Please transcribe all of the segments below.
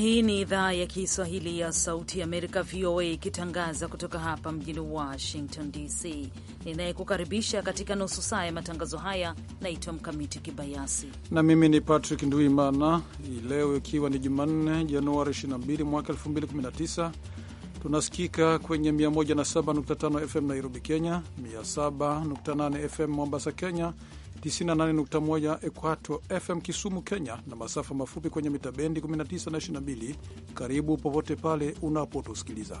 Hii ni idhaa ya Kiswahili ya Sauti ya Amerika, VOA, ikitangaza kutoka hapa mjini Washington DC. Ninayekukaribisha katika nusu saa ya matangazo haya naitwa Mkamiti Kibayasi na mimi ni Patrick Nduimana. hii Leo ikiwa ni Jumanne, Januari 22 mwaka 2019, tunasikika kwenye 107.5 FM Nairobi, Kenya, 107.8 FM Mombasa, Kenya, 98.1 Equator FM Kisumu, Kenya, na masafa mafupi kwenye mita bendi 19 na 22. Karibu popote pale unapotusikiliza.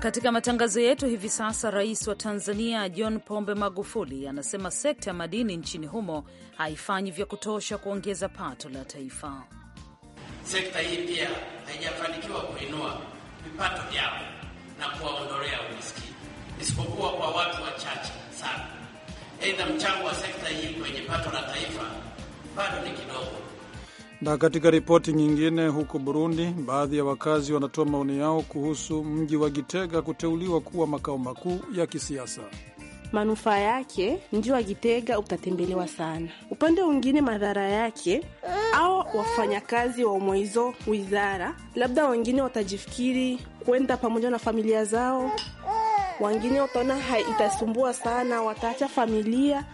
Katika matangazo yetu hivi sasa, rais wa Tanzania John Pombe Magufuli anasema sekta ya madini nchini humo haifanyi vya kutosha kuongeza pato la taifa. Sekta hii pia haijafanikiwa kuinua vipato vyao na kuwaondolea umaskini, isipokuwa kwa watu wachache sana. Aidha, mchango wa sekta hii kwenye pato la taifa bado ni kidogo. Na katika ripoti nyingine, huko Burundi, baadhi ya wakazi wanatoa maoni yao kuhusu mji wa Gitega kuteuliwa kuwa makao makuu ya kisiasa manufaa yake ndio akitega utatembelewa sana. Upande wengine madhara yake, au wafanyakazi wa umweizo wizara, labda wengine watajifikiri kwenda pamoja na familia zao, wengine utaona itasumbua sana, wataacha familia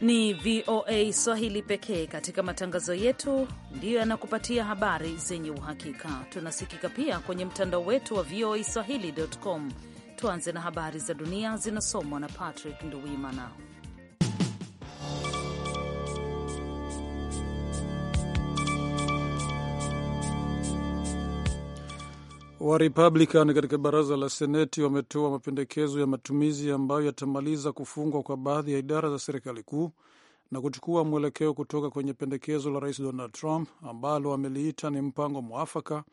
ni VOA Swahili pekee katika matangazo yetu ndiyo yanakupatia habari zenye uhakika. Tunasikika pia kwenye mtandao wetu wa voa Swahili.com. Tuanze na habari za dunia zinasomwa na Patrick Nduwimana. Wa Republican katika baraza la Seneti wametoa mapendekezo ya matumizi ambayo yatamaliza kufungwa kwa baadhi ya idara za serikali kuu na kuchukua mwelekeo kutoka kwenye pendekezo la Rais Donald Trump ambalo ameliita ni mpango mwafaka,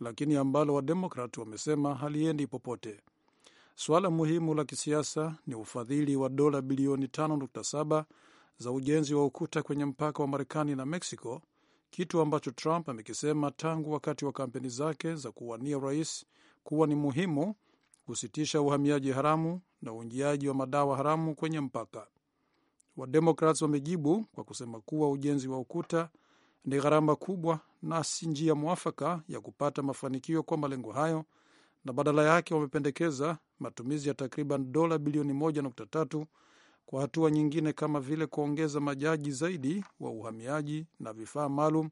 lakini ambalo wademokrat wamesema haliendi popote. Suala muhimu la kisiasa ni ufadhili wa dola bilioni 5.7 za ujenzi wa ukuta kwenye mpaka wa Marekani na Mexico, kitu ambacho Trump amekisema tangu wakati wa kampeni zake za kuwania urais kuwa ni muhimu kusitisha uhamiaji haramu na uingiaji wa madawa haramu kwenye mpaka. Wademokrats wamejibu kwa kusema kuwa ujenzi wa ukuta ni gharama kubwa na si njia mwafaka ya kupata mafanikio kwa malengo hayo na badala yake wamependekeza matumizi ya takriban dola bilioni 1.3 kwa hatua nyingine kama vile kuongeza majaji zaidi wa uhamiaji na vifaa maalum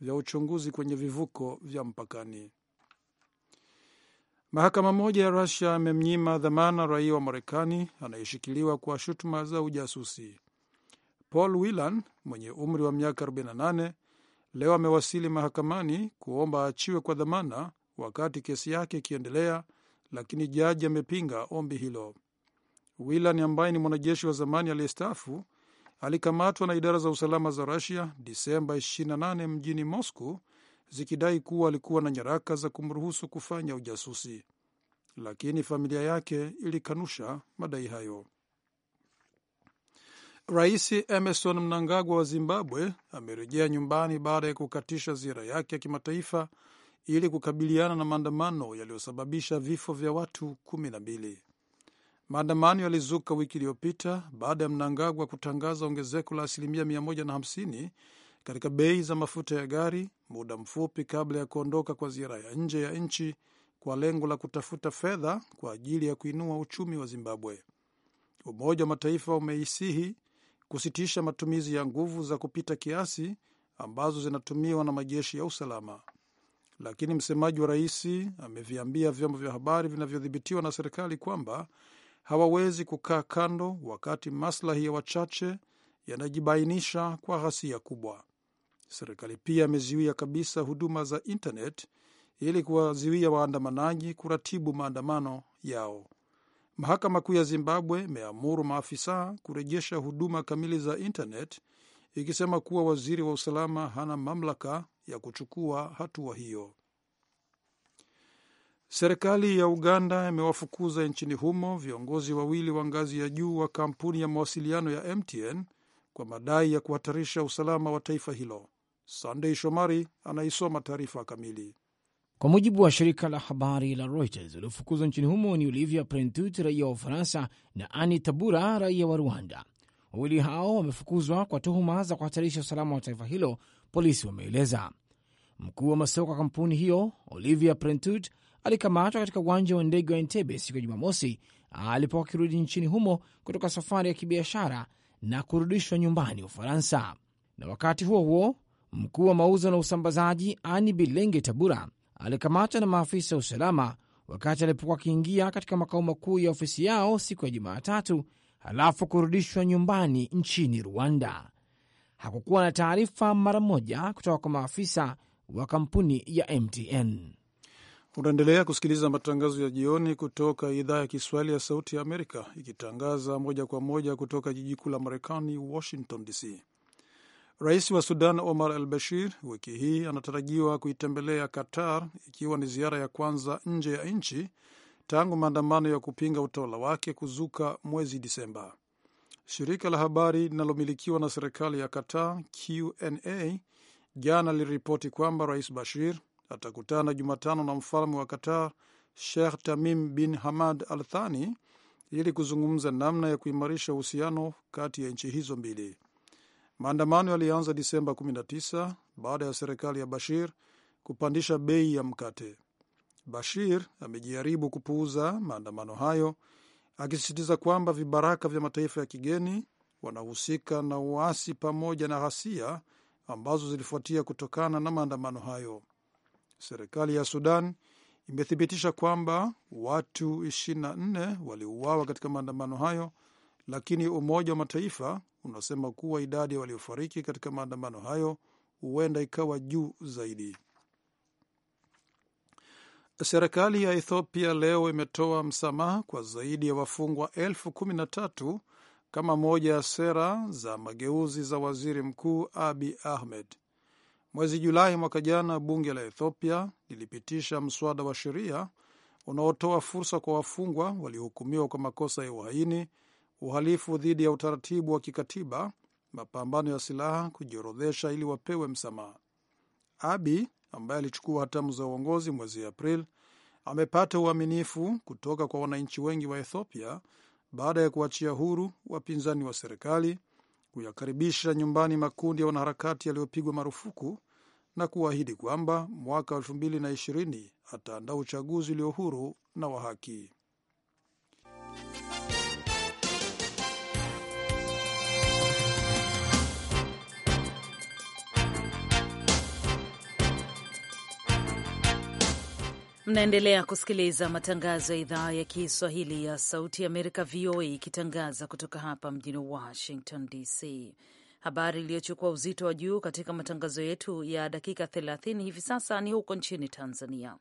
vya uchunguzi kwenye vivuko vya mpakani. Mahakama moja ya Rusia amemnyima dhamana raia wa Marekani anayeshikiliwa kwa shutuma za ujasusi. Paul Whelan mwenye umri wa miaka 48 leo amewasili mahakamani kuomba aachiwe kwa dhamana wakati kesi yake ikiendelea, lakini jaji amepinga ombi hilo. Whelan ambaye ni mwanajeshi wa zamani aliyestaafu alikamatwa na idara za usalama za Rusia Disemba 28 mjini Moscow zikidai kuwa alikuwa na nyaraka za kumruhusu kufanya ujasusi, lakini familia yake ilikanusha madai hayo. Rais Emerson Mnangagwa wa Zimbabwe amerejea nyumbani baada ya kukatisha ziara yake ya kimataifa ili kukabiliana na maandamano yaliyosababisha vifo vya watu kumi na mbili. Maandamano yalizuka wiki iliyopita baada ya Mnangagwa kutangaza ongezeko la asilimia 150 katika bei za mafuta ya gari muda mfupi kabla ya kuondoka kwa ziara ya nje ya nchi kwa lengo la kutafuta fedha kwa ajili ya kuinua uchumi wa Zimbabwe. Umoja wa Mataifa umeisihi kusitisha matumizi ya nguvu za kupita kiasi ambazo zinatumiwa na majeshi ya usalama lakini msemaji wa rais ameviambia vyombo vya habari vinavyodhibitiwa na serikali kwamba hawawezi kukaa kando wakati maslahi ya wachache yanajibainisha kwa ghasia kubwa. Serikali pia ameziwia kabisa huduma za intanet ili kuwaziwia waandamanaji kuratibu maandamano yao. Mahakama Kuu ya Zimbabwe imeamuru maafisa kurejesha huduma kamili za intanet ikisema kuwa waziri wa usalama hana mamlaka ya kuchukua hatua hiyo. Serikali ya Uganda imewafukuza nchini humo viongozi wawili wa ngazi ya juu wa kampuni ya mawasiliano ya MTN kwa madai ya kuhatarisha usalama wa taifa hilo. Sandei Shomari anaisoma taarifa kamili. Kwa mujibu wa shirika la habari la Reuters, waliofukuzwa nchini humo ni Olivia Prentut, raia wa Ufaransa, na Ani Tabura, raia wa Rwanda. Wawili hao wamefukuzwa kwa tuhuma za kuhatarisha usalama wa taifa hilo polisi wameeleza. Mkuu wa masoko wa kampuni hiyo Olivia Prentut alikamatwa katika uwanja wa ndege wa Entebe siku ya Jumamosi alipokuwa akirudi nchini humo kutoka safari ya kibiashara na kurudishwa nyumbani Ufaransa. Na wakati huo huo, mkuu wa mauzo na usambazaji Ani Bilenge Tabura alikamatwa na maafisa wa usalama wakati alipokuwa akiingia katika makao makuu ya ofisi yao siku ya Jumatatu, halafu kurudishwa nyumbani nchini Rwanda hakukuwa na taarifa mara moja kutoka kwa maafisa wa kampuni ya MTN. Unaendelea kusikiliza matangazo ya jioni kutoka idhaa ya Kiswahili ya Sauti ya Amerika, ikitangaza moja kwa moja kutoka jiji kuu la Marekani, Washington DC. Rais wa Sudan Omar al Bashir wiki hii anatarajiwa kuitembelea Qatar, ikiwa ni ziara ya kwanza nje ya nchi tangu maandamano ya kupinga utawala wake kuzuka mwezi Disemba. Shirika la habari linalomilikiwa na serikali ya Qatar, QNA, jana liliripoti kwamba Rais Bashir atakutana Jumatano na mfalme wa Qatar, Sheikh Tamim bin Hamad Al Thani, ili kuzungumza namna ya kuimarisha uhusiano kati ya nchi hizo mbili. Maandamano yalianza Disemba 19 baada ya serikali ya Bashir kupandisha bei ya mkate. Bashir amejaribu kupuuza maandamano hayo akisisitiza kwamba vibaraka vya mataifa ya kigeni wanahusika na uasi pamoja na ghasia ambazo zilifuatia kutokana na maandamano hayo. Serikali ya Sudan imethibitisha kwamba watu 24 waliuawa katika maandamano hayo, lakini Umoja wa Mataifa unasema kuwa idadi ya waliofariki katika maandamano hayo huenda ikawa juu zaidi. Serikali ya Ethiopia leo imetoa msamaha kwa zaidi ya wafungwa elfu kumi na tatu kama moja ya sera za mageuzi za waziri mkuu Abi Ahmed. Mwezi Julai mwaka jana, bunge la Ethiopia lilipitisha mswada wa sheria unaotoa fursa kwa wafungwa waliohukumiwa kwa makosa ya uhaini, uhalifu dhidi ya utaratibu wa kikatiba, mapambano ya silaha kujiorodhesha ili wapewe msamaha. Abi ambaye alichukua hatamu za uongozi mwezi april amepata uaminifu kutoka kwa wananchi wengi wa Ethiopia baada ya kuachia huru wapinzani wa serikali, kuyakaribisha nyumbani makundi ya wanaharakati yaliyopigwa marufuku na kuahidi kwamba mwaka 2020 ataandaa uchaguzi ulio huru na wa haki. Mnaendelea kusikiliza matangazo ya idhaa ya Kiswahili ya Sauti ya Amerika, VOA, ikitangaza kutoka hapa mjini Washington DC. Habari iliyochukua uzito wa juu katika matangazo yetu ya dakika 30 hivi sasa ni huko nchini Tanzania,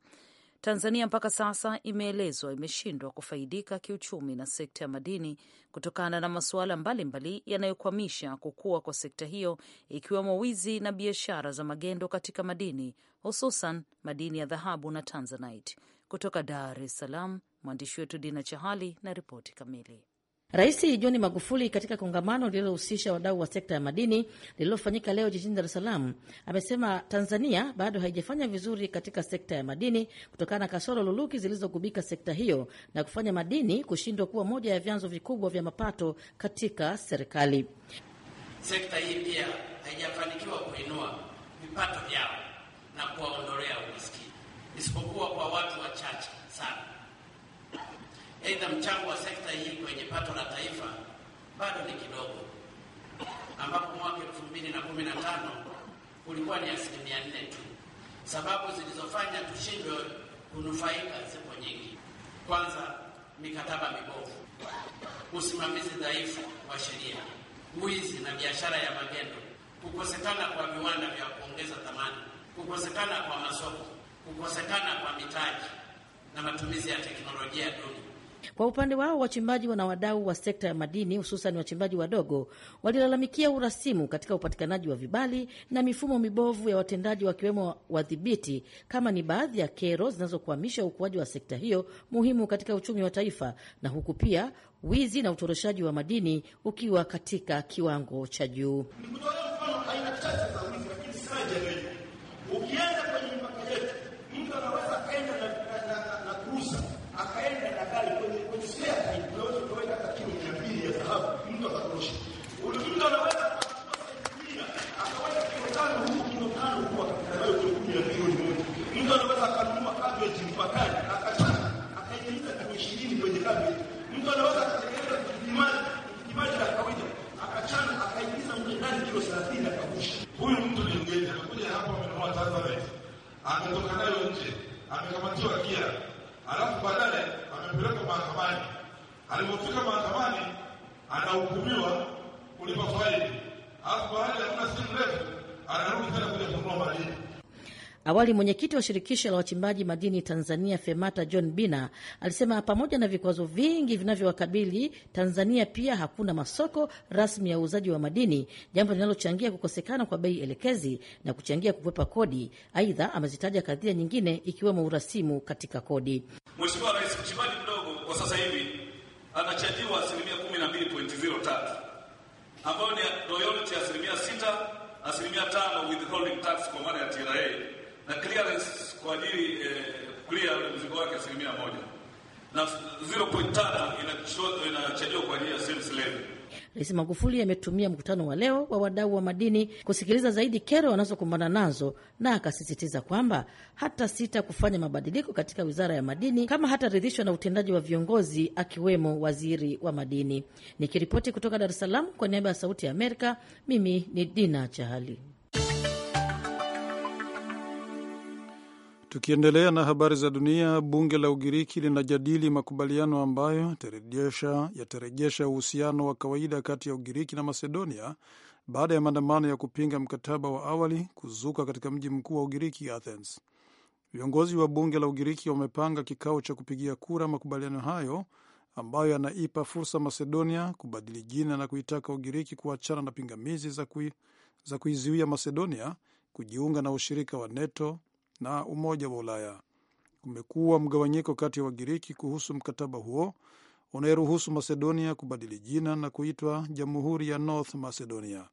Tanzania mpaka sasa imeelezwa imeshindwa kufaidika kiuchumi na sekta ya madini kutokana na masuala mbalimbali yanayokwamisha kukua kwa sekta hiyo ikiwemo wizi na biashara za magendo katika madini hususan madini ya dhahabu na tanzanite. Kutoka Dar es Salaam, mwandishi wetu Dina Chahali na ripoti kamili. Rais John Magufuli katika kongamano lililohusisha wadau wa sekta ya madini lililofanyika leo jijini Dar es Salaam amesema Tanzania bado haijafanya vizuri katika sekta ya madini kutokana na kasoro luluki zilizogubika sekta hiyo na kufanya madini kushindwa kuwa moja ya vyanzo vikubwa vya mapato katika serikali. Sekta hii pia haijafanikiwa kuinua vipato vyao na kuwaondolea umaskini isipokuwa kwa watu wachache sana aidha mchango wa sekta hii kwenye pato la taifa bado ni kidogo, ambapo mwaka tano kulikuwa ni asilimia 4 tu. Sababu zilizofanya tushindwe kunufaika zipo nyingi. Kwanza, mikataba mibovu, usimamizi dhaifu wa sheria, wizi na biashara ya magendo, kukosekana kwa viwanda vya kuongeza thamani, kukosekana kwa masoko, kukosekana kwa mitaji na matumizi ya teknolojia duni. Kwa upande wao, wachimbaji wana wadau wa sekta ya madini, hususan wachimbaji wadogo, walilalamikia urasimu katika upatikanaji wa vibali na mifumo mibovu ya watendaji, wakiwemo wadhibiti, kama ni baadhi ya kero zinazokwamisha ukuaji wa sekta hiyo muhimu katika uchumi wa taifa, na huku pia wizi na utoroshaji wa madini ukiwa katika kiwango cha juu. akakabatiwa gia Awali mwenyekiti wa shirikisho la wachimbaji madini Tanzania FEMATA John Bina alisema pamoja na vikwazo vingi vinavyowakabili Tanzania pia hakuna masoko rasmi ya uuzaji wa madini, jambo linalochangia kukosekana kwa bei elekezi na kuchangia kukwepa kodi. Aidha, amezitaja kadhia nyingine ikiwemo urasimu katika kodi. Mheshimiwa Rais, mchimbaji mdogo kwa sasa hivi anachajiwa asilimia 12.03 ambayo ni royalty asilimia 6, asilimia 5 withholding tax kwa maana ya asilimia moja na 0.5 inachajiwa kwa ajili ya sales levy. Rais Magufuli ametumia mkutano wa leo wa wadau wa madini kusikiliza zaidi kero wanazokumbana nazo na akasisitiza kwamba hata sita kufanya mabadiliko katika wizara ya madini kama hataridhishwa na utendaji wa viongozi akiwemo waziri wa madini. Nikiripoti kutoka Dar es Salaam kwa niaba ya Sauti ya Amerika, mimi ni Dina Chahali. Tukiendelea na habari za dunia, bunge la Ugiriki linajadili makubaliano ambayo yatarejesha uhusiano wa kawaida kati ya Ugiriki na Macedonia baada ya maandamano ya kupinga mkataba wa awali kuzuka katika mji mkuu wa Ugiriki, Athens. Viongozi wa bunge la Ugiriki wamepanga kikao cha kupigia kura makubaliano hayo ambayo yanaipa fursa Macedonia kubadili jina na kuitaka Ugiriki kuachana na pingamizi za kuizuia Macedonia kujiunga na ushirika wa NATO na Umoja wa Ulaya. Kumekuwa mgawanyiko kati ya Wagiriki kuhusu mkataba huo unayeruhusu Macedonia kubadili jina na kuitwa Jamhuri ya North Macedonia.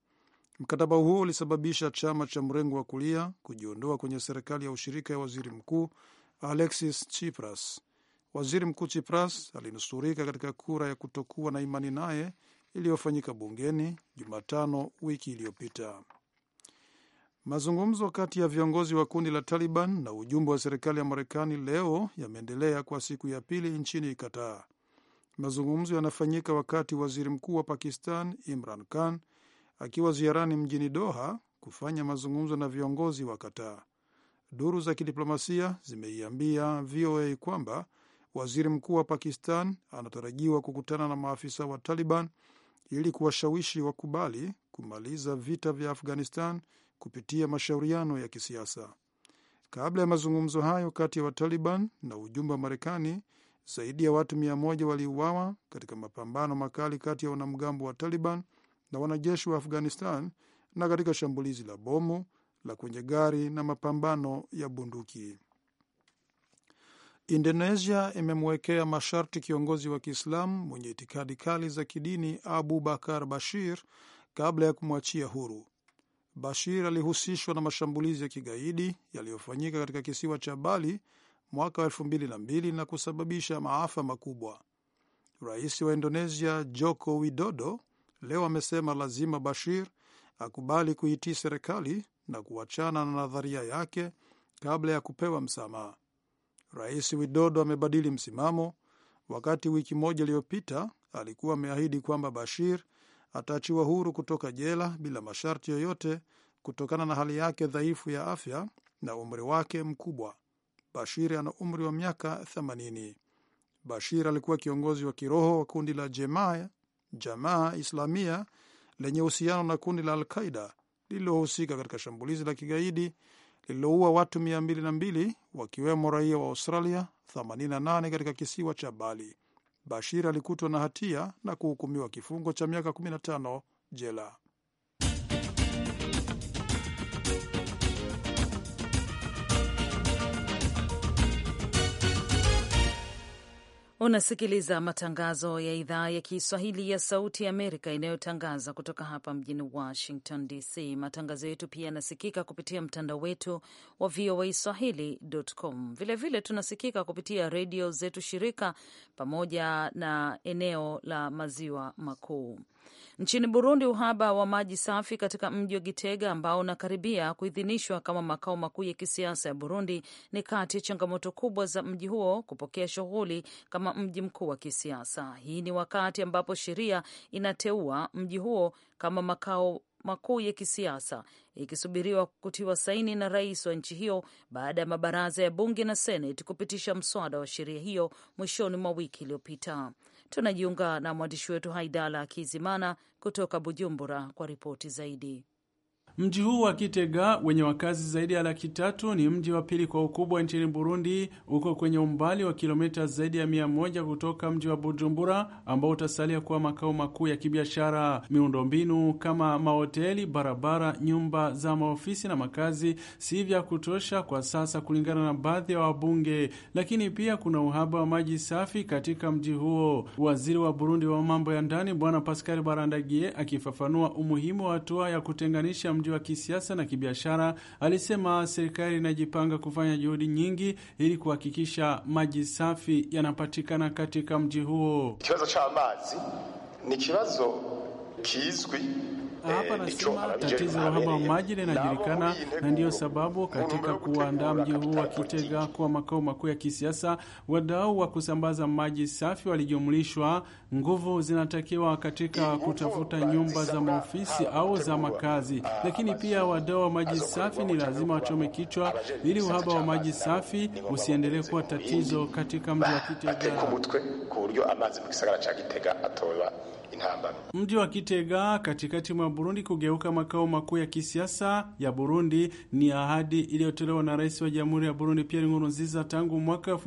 Mkataba huo ulisababisha chama cha mrengo wa kulia kujiondoa kwenye serikali ya ushirika ya waziri mkuu Alexis Tsipras. Waziri Mkuu Tsipras alinusurika katika kura ya kutokuwa na imani naye iliyofanyika bungeni Jumatano wiki iliyopita. Mazungumzo kati ya viongozi wa kundi la Taliban na ujumbe wa serikali ya Marekani leo yameendelea kwa siku ya pili nchini Qatar. Mazungumzo yanafanyika wakati waziri mkuu wa Pakistan Imran Khan akiwa ziarani mjini Doha kufanya mazungumzo na viongozi wa Qatar. Duru za kidiplomasia zimeiambia VOA kwamba waziri mkuu wa Pakistan anatarajiwa kukutana na maafisa wa Taliban ili kuwashawishi wakubali kumaliza vita vya Afghanistan kupitia mashauriano ya kisiasa. Kabla ya mazungumzo hayo kati ya Wataliban na ujumbe wa Marekani, zaidi ya watu mia moja waliuawa katika mapambano makali kati ya wanamgambo wa Taliban na wanajeshi wa Afghanistan na katika shambulizi la bomu la kwenye gari na mapambano ya bunduki. Indonesia imemwekea masharti kiongozi wa Kiislamu mwenye itikadi kali za kidini Abu Bakar Bashir kabla ya kumwachia huru. Bashir alihusishwa na mashambulizi ya kigaidi yaliyofanyika katika kisiwa cha Bali mwaka na mbili na kusababisha maafa makubwa. Rais wa Indonesia Joko Widodo leo amesema lazima Bashir akubali kuitii serikali na kuachana na nadharia yake kabla ya kupewa msamaha. Rais Widodo amebadili msimamo, wakati wiki moja iliyopita alikuwa ameahidi kwamba Bashir ataachiwa huru kutoka jela bila masharti yoyote kutokana na hali yake dhaifu ya afya na umri wake mkubwa. Bashir ana umri wa miaka 80. Bashir alikuwa kiongozi wa kiroho wa kundi la Jamaa Jamaa Islamia lenye uhusiano na kundi la Alqaida lililohusika katika shambulizi la kigaidi lililoua watu 202 wakiwemo raia wa Australia 88 katika kisiwa cha Bali. Bashir alikutwa na hatia na kuhukumiwa kifungo cha miaka 15 jela. Unasikiliza matangazo ya idhaa ya Kiswahili ya Sauti ya Amerika inayotangaza kutoka hapa mjini Washington DC. Matangazo yetu pia yanasikika kupitia mtandao wetu wa VOA Swahili.com. Vilevile tunasikika kupitia redio zetu shirika pamoja na eneo la maziwa makuu. Nchini Burundi, uhaba wa maji safi katika mji wa Gitega ambao unakaribia kuidhinishwa kama makao makuu ya kisiasa ya Burundi ni kati ya changamoto kubwa za mji huo kupokea shughuli kama mji mkuu wa kisiasa. Hii ni wakati ambapo sheria inateua mji huo kama makao makuu ya kisiasa ikisubiriwa kutiwa saini na rais wa nchi hiyo baada ya mabaraza ya bunge na seneti kupitisha mswada wa sheria hiyo mwishoni mwa wiki iliyopita. Tunajiunga na mwandishi wetu Haidala Kizimana kutoka Bujumbura kwa ripoti zaidi. Mji huu wa Kitega wenye wakazi zaidi ya laki tatu ni mji wa pili kwa ukubwa nchini Burundi. Uko kwenye umbali wa kilomita zaidi ya mia moja kutoka mji wa Bujumbura ambao utasalia kuwa makao makuu ya kibiashara. Miundombinu kama mahoteli, barabara, nyumba za maofisi na makazi si vya kutosha kwa sasa, kulingana na baadhi ya wabunge, lakini pia kuna uhaba wa maji safi katika mji huo. Waziri wa Burundi wa mambo ya ndani Bwana Pascal Barandagie akifafanua umuhimu wa hatua ya kutenganisha mji mji wa kisiasa na kibiashara, alisema serikali inajipanga kufanya juhudi nyingi ili kuhakikisha maji safi yanapatikana katika mji huo. Kibazo cha amazi ni kibazo kizwi hapa anasema eh, tatizo la uhaba wa maji linajulikana, na ndiyo sababu katika kuandaa mji huu wa Kitega kuwa makao makuu ya kisiasa, wadau wa kusambaza maji safi walijumlishwa. Nguvu zinatakiwa katika kutafuta nyumba za maofisi au za makazi, ah, lakini pia wadau wa maji safi ni lazima wachome kichwa ili uhaba wa maji safi usiendelee kuwa tatizo katika mji wa Kitega intambara mji wa Kitega katikati mwa Burundi kugeuka makao makuu ya kisiasa ya Burundi ni ahadi iliyotolewa na rais wa jamhuri ya Burundi Pierre Nkurunziza tangu mwaka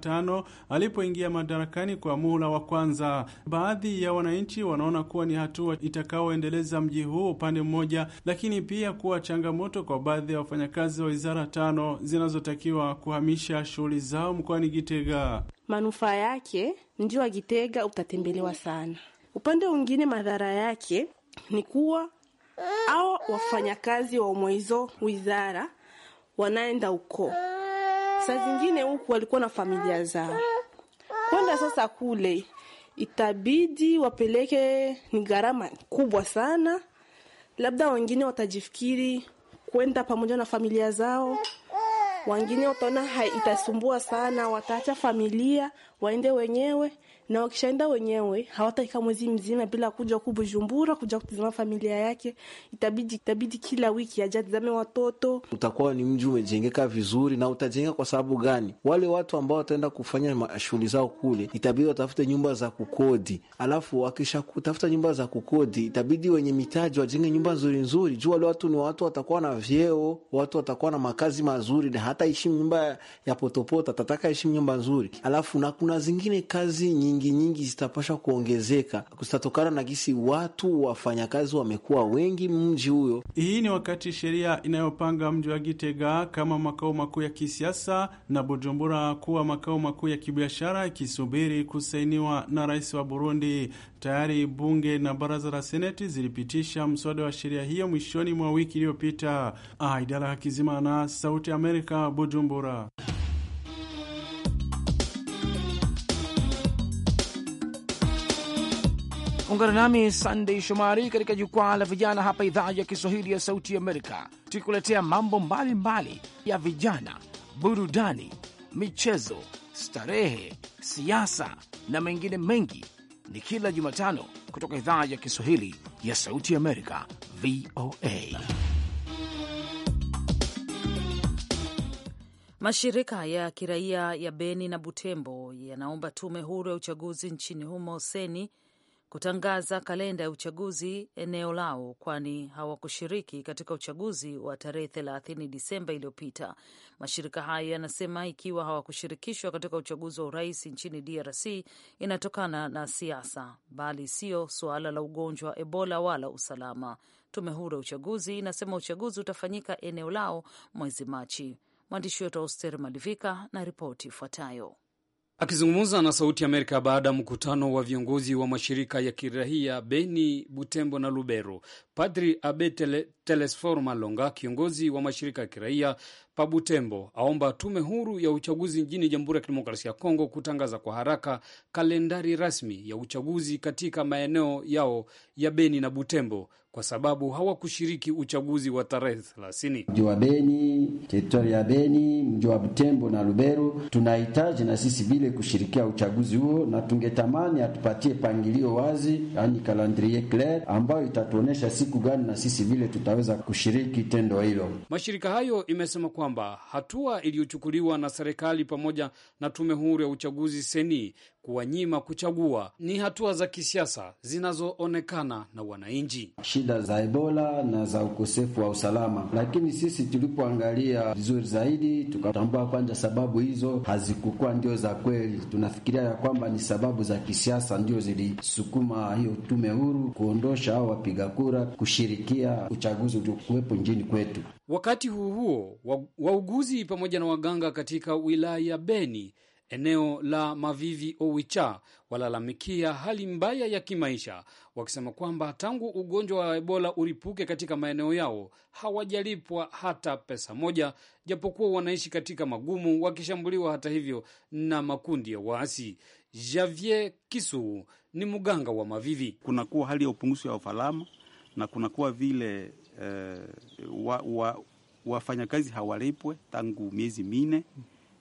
tano alipoingia madarakani kwa muhula wa kwanza. Baadhi ya wananchi wanaona kuwa ni hatua itakaoendeleza mji huu upande mmoja, lakini pia kuwa changamoto kwa baadhi ya wafanyakazi wa wizara tano zinazotakiwa kuhamisha shughuli zao mkoani Gitega. Manufaa yake mji wa gitega utatembelewa sana Upande mwingine, madhara yake ni kuwa hawa wafanyakazi wa mwezo wizara wanaenda huko, saa zingine huku walikuwa na familia zao, kwenda sasa kule itabidi wapeleke, ni gharama kubwa sana. Labda wengine watajifikiri kwenda pamoja na familia zao wengine utaona itasumbua sana, wataacha familia waende wenyewe, na wakishaenda wenyewe hawataika mwezi mzima bila kuja ku Bujumbura kuja kutizama familia yake. Itabidi itabidi kila wiki ajatizame watoto. Utakuwa ni mji umejengeka vizuri, na utajenga kwa sababu gani? Wale watu ambao wataenda kufanya shughuli zao kule, itabidi watafute nyumba za kukodi, alafu wakisha kutafuta nyumba za kukodi, itabidi wenye mitaji wajenge nyumba nzuri nzuri, juu wale watu ni watu watakuwa na vyeo, watu watakuwa na makazi mazuri na hata hataheshimu nyumba ya potopota, atataka heshimu nyumba nzuri. Alafu na kuna zingine kazi nyingi nyingi zitapasha kuongezeka, zitatokana na gisi watu wafanyakazi wamekuwa wengi mji huyo. Hii ni wakati sheria inayopanga mji wa Gitega kama makao makuu ya kisiasa na Bujumbura kuwa makao makuu ya kibiashara ikisubiri kusainiwa na rais wa Burundi. Tayari bunge na baraza la seneti zilipitisha mswada wa sheria hiyo mwishoni mwa wiki iliyopita. Aidara ah, Hakizimana, Sauti Amerika, na Bujumbura. Ungana nami Sandey Shomari katika jukwaa la vijana hapa idhaa ya Kiswahili ya Sauti Amerika, tukikuletea mambo mbalimbali mbali ya vijana, burudani, michezo, starehe, siasa na mengine mengi. Ni kila Jumatano kutoka idhaa ya Kiswahili ya Sauti Amerika, VOA. Mashirika ya kiraia ya Beni na Butembo yanaomba tume huru ya uchaguzi nchini humo seni kutangaza kalenda ya uchaguzi eneo lao, kwani hawakushiriki katika uchaguzi wa tarehe thelathini Disemba iliyopita. Mashirika hayo yanasema ikiwa hawakushirikishwa katika uchaguzi wa urais nchini DRC inatokana na siasa, bali sio suala la ugonjwa wa Ebola wala usalama. Tume huru ya uchaguzi inasema uchaguzi utafanyika eneo lao mwezi Machi. Mwandishi wetu Auster Malivika na ripoti ifuatayo. Akizungumza na Sauti Amerika baada ya mkutano wa viongozi wa mashirika ya kirahia Beni, Butembo na Lubero, Padri Abetele Telesfor Malonga, kiongozi wa mashirika ya kiraia pa Butembo, aomba tume huru ya uchaguzi nchini Jamhuri ya Kidemokrasia ya Kongo kutangaza kwa haraka kalendari rasmi ya uchaguzi katika maeneo yao ya Beni na Butembo kwa sababu hawakushiriki uchaguzi wa tarehe thelathini. Mji wa Beni, teritori ya Beni, mji wa Butembo na Lubero tunahitaji na sisi vile kushirikia uchaguzi huo, na tungetamani atupatie pangilio wazi, yani kalandrie clair, ambayo itatuonyesha siku gani na sisi vile tutaweza wataweza kushiriki tendo hilo. Mashirika hayo imesema kwamba hatua iliyochukuliwa na serikali pamoja na tume huru ya uchaguzi seni kuwanyima kuchagua. Ni hatua za kisiasa zinazoonekana na wananchi, shida za Ebola na za ukosefu wa usalama. Lakini sisi tulipoangalia vizuri zaidi, tukatambua kwanza sababu hizo hazikukuwa ndio za kweli. Tunafikiria ya kwamba ni sababu za kisiasa ndio zilisukuma hiyo tume huru kuondosha au wapiga kura kushirikia uchaguzi uliokuwepo nchini kwetu. Wakati huo huo, wauguzi pamoja na waganga katika wilaya ya Beni eneo la Mavivi Owicha walalamikia hali mbaya ya kimaisha, wakisema kwamba tangu ugonjwa wa Ebola ulipuke katika maeneo yao hawajalipwa hata pesa moja, japokuwa wanaishi katika magumu, wakishambuliwa hata hivyo na makundi ya waasi. Javier Kisu ni mganga wa Mavivi. Kunakuwa hali ya upungufu ya usalama na kunakuwa vile eh, wa, wa, wafanyakazi hawalipwe tangu miezi minne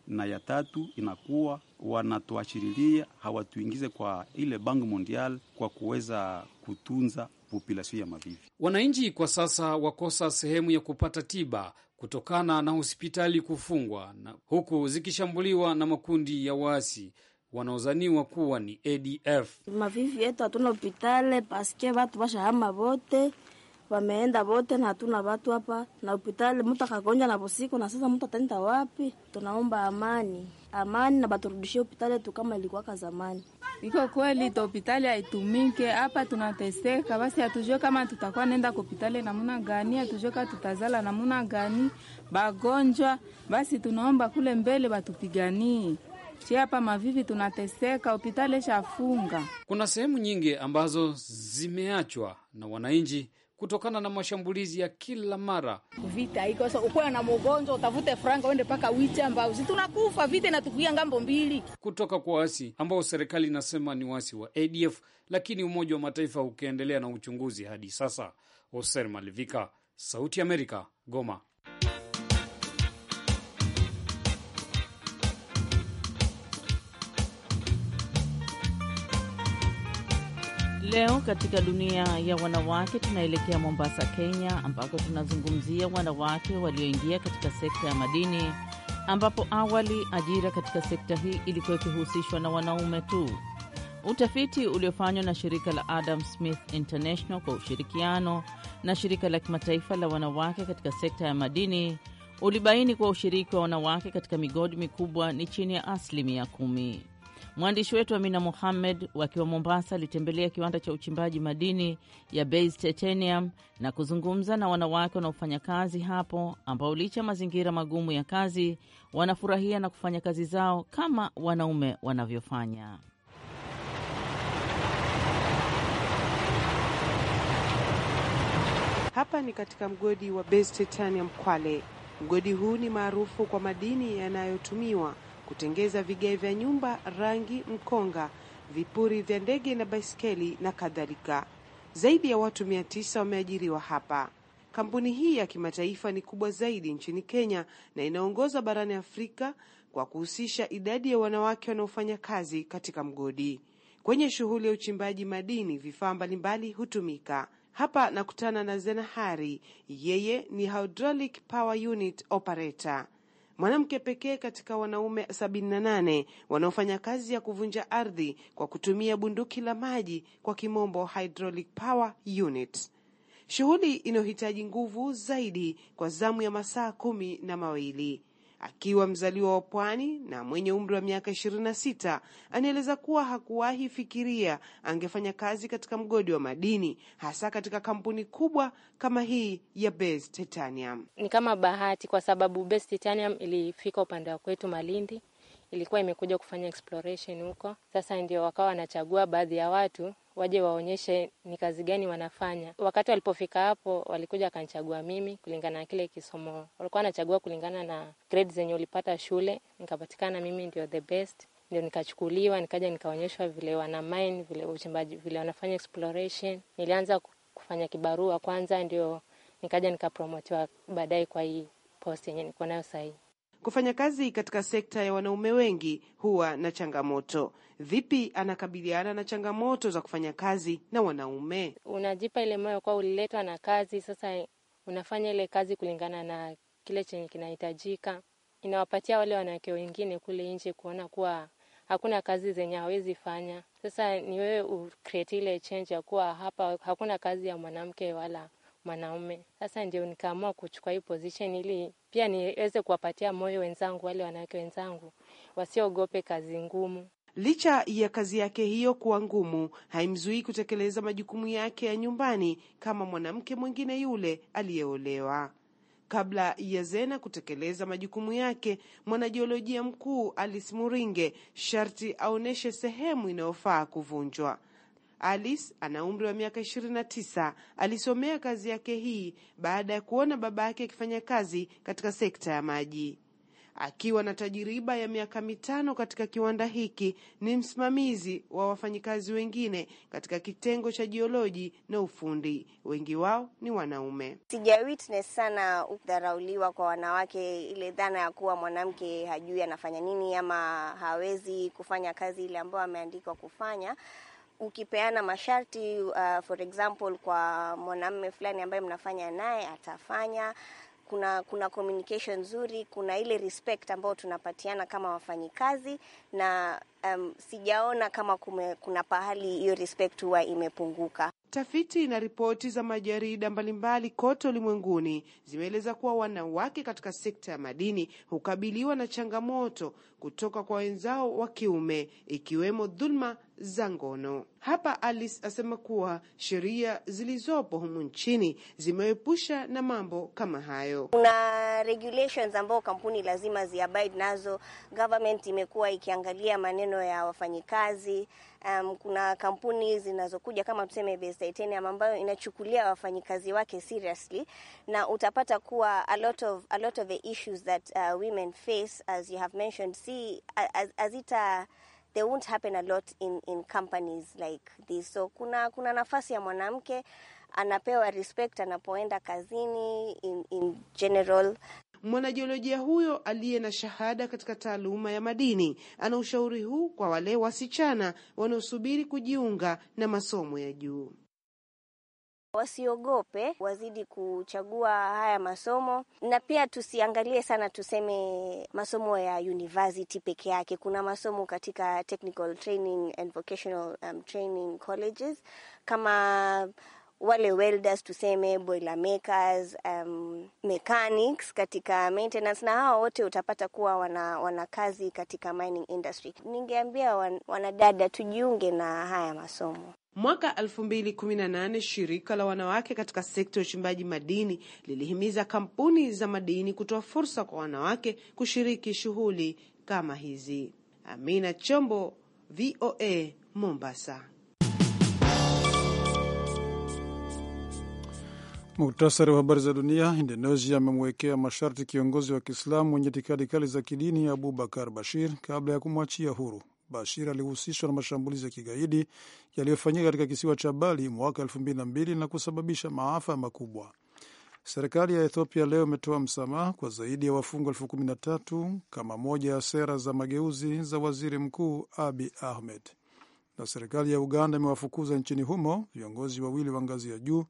na ya tatu inakuwa wanatuashirilia hawatuingize kwa ile Bank Mondial kwa kuweza kutunza populasio ya mavivi. Wananchi kwa sasa wakosa sehemu ya kupata tiba kutokana na hospitali kufungwa na huku zikishambuliwa na makundi ya waasi wanaozaniwa kuwa ni ADF. Mavivi yetu hatuna hospitali paske watu washahama vote wameenda wote na hatuna watu hapa na hospitali, mtu akagonja na busiku, na sasa mtu ataenda wapi? Tunaomba amani, amani na baturudishie hospitali tu kama ilikuwaka zamani. Iko kweli to hospitali haitumike hapa, tunateseka. Basi hatujue kama tutakuwa nenda hospitali namuna gani, hatujue kama tutazala namuna gani bagonjwa. Basi tunaomba kule mbele batupiganie Chi hapa Mavivi tunateseka, hospitali shafunga. Kuna sehemu nyingi ambazo zimeachwa na wananchi kutokana na mashambulizi ya kila mara. Vita iko sasa, ukuwa na mgonjwa utafute franga uende mpaka Wichamba, ambao tunakufa vita inatukia ngambo mbili, kutoka kwa wasi ambao serikali inasema ni wasi wa ADF, lakini Umoja wa Mataifa ukiendelea na uchunguzi hadi sasa. Hoser Malivika, Sauti ya Amerika, Goma. Leo katika dunia ya wanawake tunaelekea Mombasa, Kenya, ambako tunazungumzia wanawake walioingia katika sekta ya madini, ambapo awali ajira katika sekta hii ilikuwa ikihusishwa na wanaume tu. Utafiti uliofanywa na shirika la Adam Smith International kwa ushirikiano na shirika la kimataifa la wanawake katika sekta ya madini ulibaini kuwa ushiriki wa wanawake katika migodi mikubwa ni chini ya asilimia kumi. Mwandishi wetu Amina Mohamed wakiwa Mombasa alitembelea kiwanda cha uchimbaji madini ya Base Titanium na kuzungumza na wanawake wanaofanya kazi hapo, ambao licha mazingira magumu ya kazi wanafurahia na kufanya kazi zao kama wanaume wanavyofanya. Hapa ni katika mgodi wa Base Titanium Kwale. Mgodi huu ni maarufu kwa madini yanayotumiwa kutengeza vigae vya nyumba, rangi, mkonga, vipuri vya ndege na baiskeli na kadhalika. Zaidi ya watu mia tisa wameajiriwa hapa. Kampuni hii ya kimataifa ni kubwa zaidi nchini Kenya na inaongoza barani Afrika kwa kuhusisha idadi ya wanawake wanaofanya kazi katika mgodi. Kwenye shughuli ya uchimbaji madini, vifaa mbalimbali hutumika hapa. Nakutana na Zenahari, yeye ni hydraulic power unit operator mwanamke pekee katika wanaume 78 wanaofanya kazi ya kuvunja ardhi kwa kutumia bunduki la maji, kwa kimombo hydraulic power unit, shughuli inayohitaji nguvu zaidi kwa zamu ya masaa kumi na mawili akiwa mzaliwa wa pwani na mwenye umri wa miaka 26, anaeleza kuwa hakuwahi fikiria angefanya kazi katika mgodi wa madini, hasa katika kampuni kubwa kama hii ya Base Titanium. Ni kama bahati, kwa sababu Base Titanium ilifika upande wa kwetu Malindi ilikuwa imekuja kufanya exploration huko. Sasa ndio wakawa wanachagua baadhi ya watu waje waonyeshe ni kazi gani wanafanya. Wakati walipofika hapo, walikuja wakanichagua mimi kulingana na kile kisomo, walikuwa wanachagua kulingana na grade zenye ulipata shule. Nikapatikana mimi ndio the best, ndio nikachukuliwa, nikaja nikaonyeshwa vile wana mine, vile uchimbaji, vile wanafanya exploration. Nilianza kufanya kibarua kwanza, ndio nikaja nikapromotiwa baadaye kwa hii post yenye niko nayo sahii. Kufanya kazi katika sekta ya wanaume wengi huwa na changamoto. Vipi anakabiliana na changamoto za kufanya kazi na wanaume? Unajipa ile moyo kwa uliletwa na kazi, sasa unafanya ile kazi kulingana na kile chenye kinahitajika. Inawapatia wale wanawake wengine kule nje kuona kuwa hakuna kazi zenye hawezi fanya. Sasa ni wewe ucreate ile change ya kuwa hapa hakuna kazi ya mwanamke wala mwanaume. Sasa ndio nikaamua kuchukua hii position ili pia niweze kuwapatia moyo wenzangu, wale wanawake wenzangu wasiogope kazi ngumu. Licha ya kazi yake hiyo kuwa ngumu, haimzuii kutekeleza majukumu yake ya nyumbani kama mwanamke mwingine yule aliyeolewa. Kabla ya Zena kutekeleza majukumu yake, mwanajiolojia mkuu Alice Muringe sharti aonyeshe sehemu inayofaa kuvunjwa. Alice ana umri wa miaka 29. Alisomea kazi yake hii baada ya kuona baba yake akifanya kazi katika sekta ya maji. Akiwa na tajiriba ya miaka mitano katika kiwanda hiki, ni msimamizi wa wafanyikazi wengine katika kitengo cha jioloji na ufundi. Wengi wao ni wanaume. Sija witness sana udharauliwa kwa wanawake, ile dhana ya kuwa mwanamke hajui anafanya nini ama hawezi kufanya kazi ile ambayo ameandikwa kufanya ukipeana masharti uh, for example kwa mwanamume fulani ambaye mnafanya naye atafanya. Kuna kuna communication nzuri, kuna ile respect ambayo tunapatiana kama wafanyikazi na um, sijaona kama kume, kuna pahali hiyo respect huwa imepunguka. Tafiti na ripoti za majarida mbalimbali kote ulimwenguni zimeeleza kuwa wanawake katika sekta ya madini hukabiliwa na changamoto kutoka kwa wenzao wa kiume ikiwemo dhulma za ngono. Hapa Alice asema kuwa sheria zilizopo humu nchini zimeepusha na mambo kama hayo. Kuna regulations ambao kampuni lazima ziabide nazo. Government imekuwa ikiangalia maneno maneno ya wafanyikazi. Um, kuna kampuni zinazokuja kama tuseme Best Titanium ambayo inachukulia wafanyikazi wake seriously, na utapata kuwa a lot of a lot of the issues that uh, women face as you have mentioned see as, as it uh, they won't happen a lot in in companies like this, so kuna kuna nafasi ya mwanamke anapewa respect anapoenda kazini in, in general Mwanajiolojia huyo aliye na shahada katika taaluma ya madini ana ushauri huu kwa wale wasichana wanaosubiri kujiunga na masomo ya juu. Wasiogope, wazidi kuchagua haya masomo, na pia tusiangalie sana tuseme masomo ya university peke yake. Kuna masomo katika technical training and vocational um, training colleges kama wale welders tuseme, boiler makers, um, mechanics katika maintenance, na hawa wote utapata kuwa wana, wana kazi katika mining industry. Ningeambia wan, wanadada tujiunge na haya masomo. Mwaka 2018 shirika la wanawake katika sekta ya uchimbaji madini lilihimiza kampuni za madini kutoa fursa kwa wanawake kushiriki shughuli kama hizi. Amina Chombo, VOA Mombasa. Muktasari wa habari za dunia. Indonesia amemwekea masharti kiongozi wa Kiislamu mwenye itikadi kali za kidini Abu Bakar Bashir kabla ya kumwachia huru. Bashir alihusishwa na mashambulizi ya kigaidi yaliyofanyika katika kisiwa cha Bali mwaka elfu mbili na mbili na kusababisha maafa makubwa. Serikali ya Ethiopia leo imetoa msamaha kwa zaidi ya wafungwa elfu kumi na tatu kama moja ya sera za mageuzi za waziri mkuu Abi Ahmed. Na serikali ya Uganda imewafukuza nchini humo viongozi wawili wa ngazi ya juu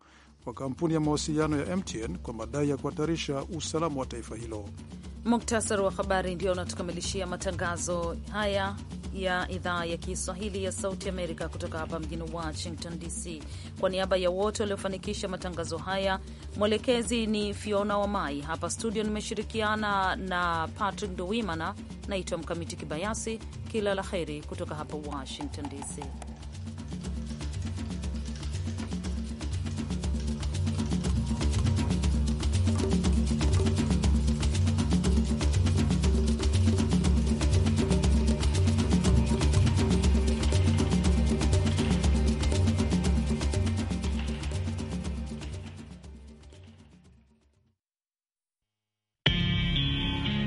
kwa kampuni ya mawasiliano ya MTN kwa madai ya kuhatarisha usalama wa taifa hilo. Muktasari wa habari ndio unatukamilishia matangazo haya ya idhaa ya Kiswahili ya Sauti Amerika kutoka hapa mjini Washington DC. Kwa niaba ya wote waliofanikisha matangazo haya, mwelekezi ni Fiona Wamai. Hapa studio nimeshirikiana na Patrick Nduwimana. Naitwa Mkamiti Kibayasi. Kila la heri kutoka hapa Washington DC.